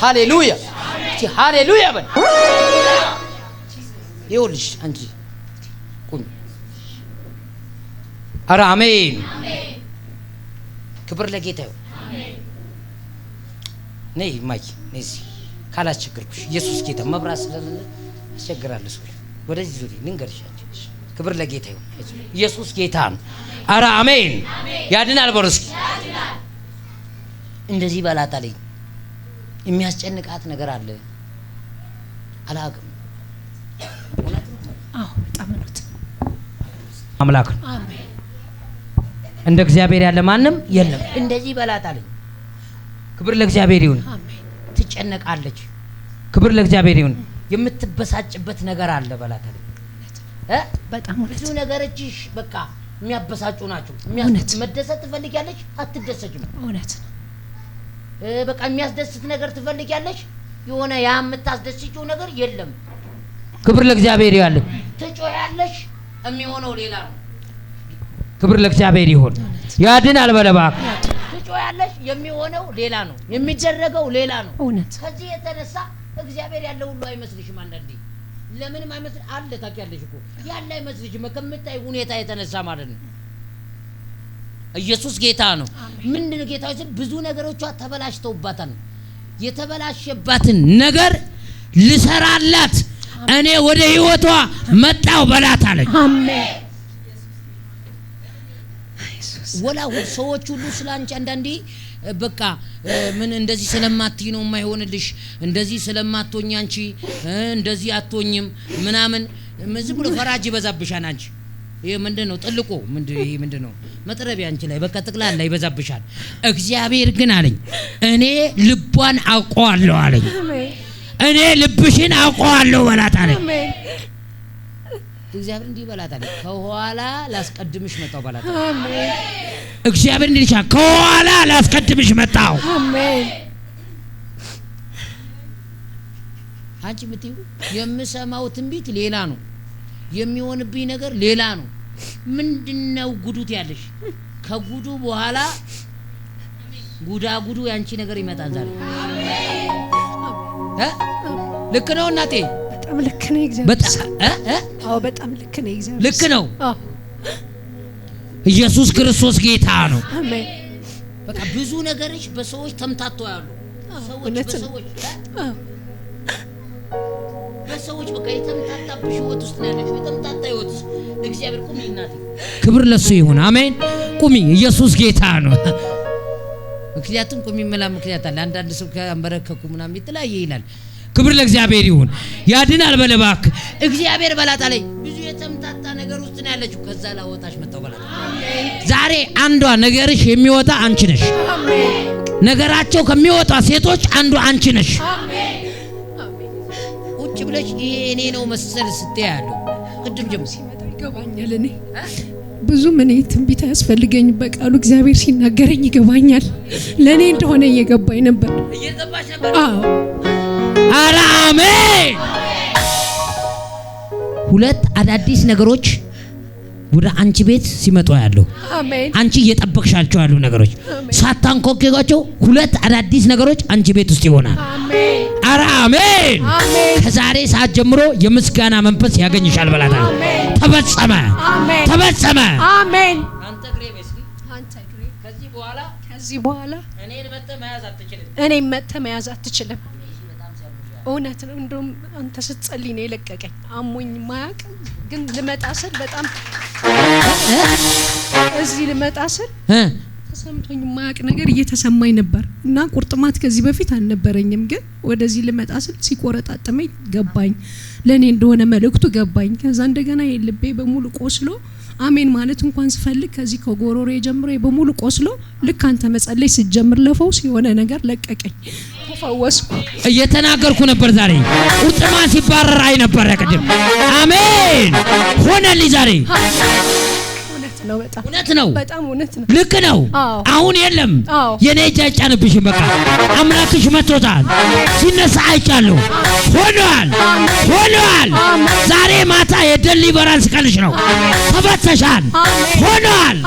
ሃሌሉያ እ ሃሌሉያ በል ይኸውልሽ አንቺ ቁኝ አረ አሜን ክብር ለጌታ ይሁን ነይ ማይ ነይ እዚህ ካላስቸገርኩሽ ኢየሱስ ጌታ መብራት ስለሌለ አስቸግራለሁ ሰው ወደዚህ ዙሪ ልንገርሽ ክብር ለጌታ ይሁን ኢየሱስ ጌታ ነው አረ አሜን ያድናል በርስኪ እንደዚህ በላት የሚያስጨንቃት ነገር አለ። አላውቅም። አምላክ ነው። እንደ እግዚአብሔር ያለ ማንም የለም። እንደዚህ በላት አለኝ። ክብር ለእግዚአብሔር ይሁን። ትጨነቃለች። ክብር ለእግዚአብሔር ይሁን። የምትበሳጭበት ነገር አለ በላት አለኝ። በጣም ብዙ ነገሮችሽ በቃ የሚያበሳጩ ናቸው። መደሰት ትፈልጊያለች፣ አትደሰጭም። እውነት ነው። በቃ የሚያስደስት ነገር ትፈልጊያለሽ። የሆነ ያ የምታስደስችው ነገር የለም። ክብር ለእግዚአብሔር ያለ ትጮያለሽ፣ የሚሆነው ሌላ ነው። ክብር ለእግዚአብሔር ይሁን። ያድን አልበለባክ ትጮያለሽ፣ የሚሆነው ሌላ ነው። የሚደረገው ሌላ ነው። እውነት ከዚህ የተነሳ እግዚአብሔር ያለ ሁሉ አይመስልሽም። አንዳንዴ ለምንም አይመስል አለ ታውቂያለሽ እኮ ያለ አይመስልሽም ከምታይ ሁኔታ የተነሳ ማለት ነው። ኢየሱስ ጌታ ነው። ምንድን ነው ጌታዎች ብዙ ነገሮቿ ተበላሽተውባታል። የተበላሸባትን ነገር ልሰራላት እኔ ወደ ህይወቷ መጣው በላት አለኝ። አሜን። ወላ ሰዎች ሁሉ ስላንቺ አንዳንዴ በቃ ምን እንደዚህ ስለማትይ ነው የማይሆንልሽ፣ እንደዚህ ስለማትሆኝ አንቺ እንደዚህ አትሆኝም ምናምን ዝም ብሎ ፈራጅ ይበዛብሻል አንቺ ይሄ ምንድን ነው? ጥልቁ ምንድን ይሄ ምንድን ነው? መጥረቢያ አንቺ ላይ በቃ ጠቅላላ ይበዛብሻል። እግዚአብሔር ግን አለኝ እኔ ልቧን አውቀዋለሁ አለኝ። እኔ ልብሽን አውቀዋለሁ በላት አለኝ። እግዚአብሔር እንዲህ በላት አለኝ። ከኋላ ላስቀድምሽ መጣው በላት አለኝ። እግዚአብሔር እንዲህ ይልሻል። ከኋላ ላስቀድምሽ መጣው። አሜን። አንቺ የምትይው የምሰማው ትንቢት ሌላ ነው። የሚሆንብኝ ነገር ሌላ ነው። ምንድነው ጉዱት ያለሽ? ከጉዱ በኋላ ጉዳ ጉዱ ያንቺ ነገር ይመጣል ዛሬ። ልክ ነው እናቴ፣ በጣም ልክ ነው። እግዚአብሔር በጣም ልክ ነው። እግዚአብሔር ልክ ነው። ኢየሱስ ክርስቶስ ጌታ ነው። አሜን። በቃ ብዙ ነገሮች በሰዎች ተምታተው ያሉ ሰዎች በሰዎች ከሰዎች በቃ የተምታታብሽ ህይወት ውስጥ ነው ያለሽ። የተምታታ ህይወት ውስጥ ለእግዚአብሔር ቁሚ እናቴ። ክብር ለሱ ይሁን። አሜን። ቁሚ፣ ኢየሱስ ጌታ ነው። ምክንያቱም ቁሚ መላ ምክንያት አለ። አንዳንድ ሰው ከአንበረከኩ ምናምን የተለያየ ይላል። ክብር ለእግዚአብሔር ይሁን። ያድናል በለባክ እግዚአብሔር በላጣ ላይ ብዙ የተምታታ ነገር ውስጥ ነው ያለችው። ከዛ ላወጣሽ መጣው በላጣ። ዛሬ አንዷ ነገርሽ የሚወጣ አንቺ ነሽ። ነገራቸው ከሚወጣ ሴቶች አንዱ አንቺ ነሽ። አሜን። ቁጭ ብለሽ ይሄ እኔ ነው መሰል ስትይ ያለው ቅድም ጀምሮ ሲመጣ ይገባኛል። እኔ ብዙም እኔ ትንቢት አያስፈልገኝ በቃሉ እግዚአብሔር ሲናገረኝ ይገባኛል። ለእኔ እንደሆነ እየገባኝ ነበር። እየገባሽ ነበር? አዎ። አሜን። ሁለት አዳዲስ ነገሮች ወደ አንቺ ቤት ሲመጡ ያለው አንቺ እየጠበቅሻቸው ያሉ ነገሮች ሳታንኮኪጓቸው ሁለት አዳዲስ ነገሮች አንቺ ቤት ውስጥ ይሆናል። አሜን። ጋር አሜን። ከዛሬ ሰዓት ጀምሮ የምስጋና መንፈስ ያገኝሻል በላታ። ተፈጸመ፣ ተፈጸመ። አሜን። ከዚህ በኋላ እኔ መጥተህ መያዝ አትችልም። እውነት ነው። እንደውም አንተ ስትጸልይ ነው የለቀቀኝ። አሞኝ ማያቅ ግን ልመጣ ስል በጣም እዚህ ልመጣ ስል ተሰምቶኝ ማያቅ ነገር እየተሰማኝ ነበር እና ቁርጥማት ከዚህ በፊት አልነበረኝም። ግን ወደዚህ ልመጣ ስል ሲቆረጣጥመኝ ገባኝ፣ ለእኔ እንደሆነ መልእክቱ ገባኝ። ከዛ እንደገና የልቤ በሙሉ ቆስሎ አሜን ማለት እንኳን ስፈልግ ከዚህ ከጎሮሮ ጀምሮ በሙሉ ቆስሎ ልክ አንተ መጸለይ ስጀምር ለፈውስ የሆነ ነገር ለቀቀኝ፣ ተፈወስኩ። እየተናገርኩ ነበር ዛሬ ቁርጥማት ይባረራይ ነበር። ቅድም አሜን ሆነልኝ ዛሬ ነው። በጣም እውነት ነው። በጣም እውነት ነው። ልክ ነው። አሁን የለም የኔ እጅ አይጫንብሽም። በቃ አምላክሽ መጥቶታል። ሲነሳ አይቻለሁ። ሆኗል፣ ሆኗል። ዛሬ ማታ የደሊቨራንስ ቀንሽ ነው። ተፈተሻል። ሆኗል።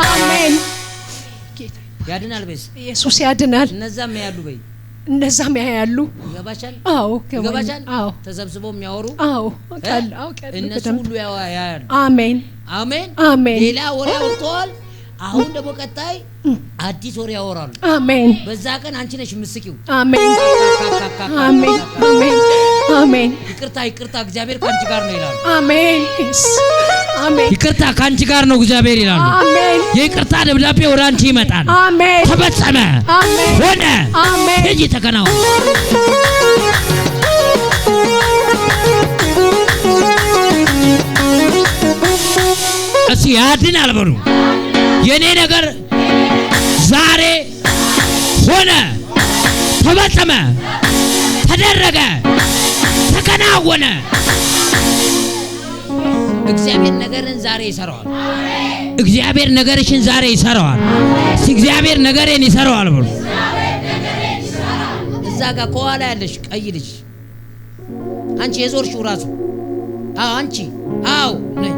ያድናል። ቤዝ ኢየሱስ ያድናል። እነዛም ያሉ በይ እነዛም ያያሉ። ይገባሻል? አዎ ይገባሻል? አዎ ተሰብስበው የሚያወሩ አዎ፣ ቃል አዎ፣ ቃል እነሱ ሁሉ ያያሉ። አሜን፣ አሜን፣ አሜን። ሌላ ወሬ አውጥተዋል። አሁን ደግሞ ቀጣይ አዲስ ወሬ ያወራሉ። አሜን። በዛ ቀን አንቺ ነሽ ምስቂው። አሜን፣ አሜን፣ አሜን፣ አሜን። ይቅርታ፣ ይቅርታ፣ እግዚአብሔር ከአንቺ ጋር ነው ይላሉ። አሜን ይቅርታ ከአንቺ ጋር ነው እግዚአብሔር ይላሉ። የይቅርታ ደብዳቤ ወደ አንቺ ይመጣል። ተፈጸመ፣ ሆነ፣ ሂጂ፣ ተከናወነ። እሺ ያድን አልበሉ የኔ ነገር ዛሬ ሆነ፣ ተፈጸመ፣ ተደረገ፣ ተከናወነ። እግዚአብሔር ነገርን ዛሬ ይሰራዋል። እግዚአብሔር ነገርሽን ዛሬ ይሰራዋል። እግዚአብሔር ነገሬን ይሰራዋል ብሎ እዛ ጋር ከኋላ ያለሽ ቀይ ልጅ አንቺ የዞርሽው ራሱ አዎ፣ አንቺ አዎ፣ ነይ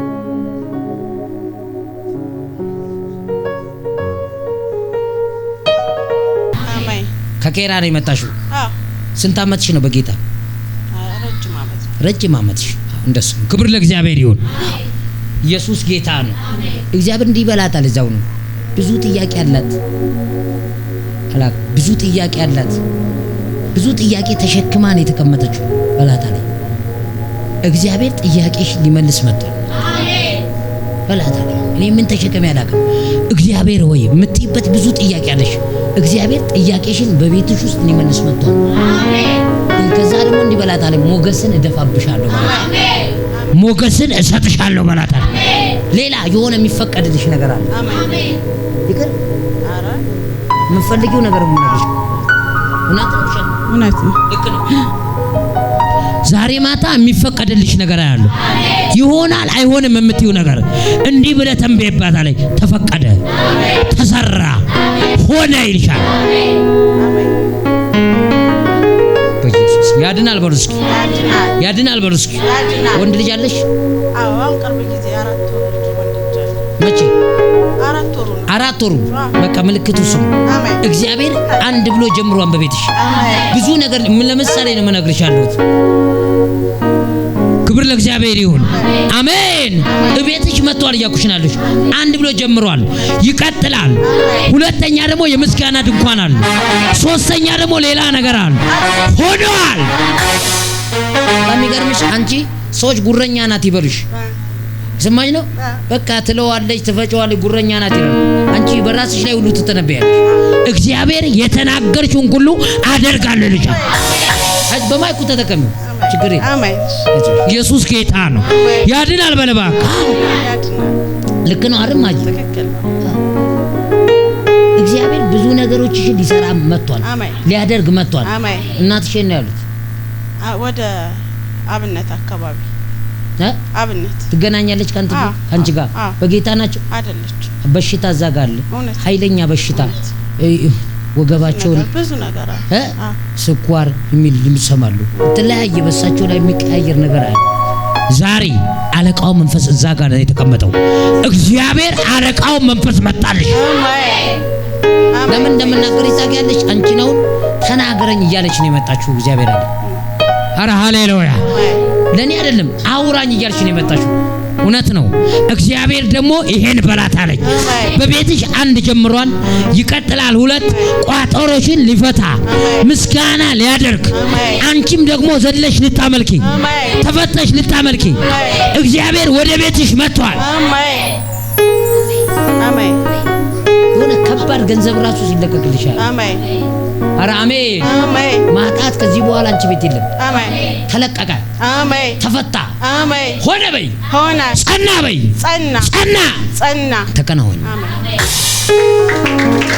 ከቄራ ነው የመጣሽው። ስንት አመትሽ ነው? በጌታ ረጅም አመትሽ እንደሱ ክብር ለእግዚአብሔር ይሁን። ኢየሱስ ጌታ ነው። እግዚአብሔር እንዲበላታል። እዛው ነው። ብዙ ጥያቄ አላት። አላክ ብዙ ጥያቄ አላት። ብዙ ጥያቄ ተሸክማ ነው የተቀመጠችው። በላታ ላይ እግዚአብሔር ጥያቄሽ ሊመልስ መጥቷል። በላታ ላይ እኔ ምን ተሸከሚ አላውቅም። እግዚአብሔር ሆይ የምትይበት ብዙ ጥያቄ አለሽ። እግዚአብሔር ጥያቄሽን በቤትሽ ውስጥ ሊመልስ መጥቷል። ከዛ ደግሞ እንዲህ አለ ሞገስን እደፋብሻለሁ አሜን። ሞገስን እሰጥሻለሁ በላት አሜን። ሌላ የሆነ የሚፈቀድልሽ ነገር አለ። አሜን። ይቅር የምትፈልጊው ነገር ምናለሽ? እውነት ነው። ዛሬ ማታ የሚፈቀድልሽ ነገር አያሉ ይሆናል አይሆንም የምትዩ ነገር እንዲህ ብለህ ተንበይባት ተፈቀደ፣ ተሰራ ሆነ ይልሻል። በኢየሱስ ያድናል በሉ እስኪ ያድናል በሉ እስኪ። ወንድ ልጅ አለሽ? መቼ? አራት ወሩ በቃ ምልክቱ እሱ እግዚአብሔር አንድ ብሎ ጀምሯን በቤትሽ ብዙ ነገር ለምሳሌ ነው የምነግርሽ ያለሁት ክብር ለእግዚአብሔር ይሁን። አሜን። እቤትሽ መጥቷል እያኩሽናለሽ አንድ ብሎ ጀምሯል፣ ይቀጥላል። ሁለተኛ ደግሞ የምስጋና ድንኳን አለ። ሶስተኛ ደግሞ ሌላ ነገር አለ። ሆኗል። በሚገርምሽ አንቺ ሰዎች ጉረኛ ናት ይበሉሽ ስማኝ ነው በቃ ትለዋለች፣ ትፈጨዋለች። ጉረኛ ናት ይላል። አንቺ በራስሽ ላይ ሁሉ ትተነበያለሽ። እግዚአብሔር የተናገርሽውን ሁሉ አደርጋለሁ ልጅ በማይኩ ተጠቀሚው ችግር ኢየሱስ ጌታ ነው። ያድናል። በልባ ልክ ነው። አርማ እግዚአብሔር ብዙ ነገሮችሽን ሊሰራ መጥቷል፣ ሊያደርግ መጥቷል። እናትሽን ነው ያሉት ወደ አብነት አካባቢ አብነት ትገናኛለች ከአንቺ ጋር በጌታ ናቸው። በሽታ እዛ ጋር አለ ኃይለኛ በሽታ ወገባቸውን ስኳር የሚል ድምፅ ሰማሉ። የተለያየ በሳቸው ላይ የሚቀያየር ነገር አለ። ዛሬ አለቃው መንፈስ እዛ ጋር ነው የተቀመጠው። እግዚአብሔር አለቃው መንፈስ መጣልሽ። ለምን እንደምናገር ይታያለሽ። አንቺ ነው ተናገረኝ እያለች ነው የመጣችሁ። እግዚአብሔር አለ። አረ ሃሌሉያ። ለእኔ አይደለም አውራኝ እያለች ነው የመጣችሁ እውነት ነው። እግዚአብሔር ደግሞ ይሄን በላት አለኝ። በቤትሽ አንድ ጀምሯል፣ ይቀጥላል። ሁለት ቋጠሮሽን ሊፈታ ምስጋና ሊያደርግ አንቺም ደግሞ ዘለሽ ልታመልኪ ተፈተሽ ልታመልኪ እግዚአብሔር ወደ ቤትሽ መጥቷል። የሆነ ከባድ ገንዘብ ራሱ አሜን። ኧረ አሜን። ማጣት ከዚህ በኋላ አንቺ ቤት የለም። ተለቀቀ፣ ተፈታ፣ ሆነ በይ፣ ጸና በይ፣ ጸና፣ ተከናወነ።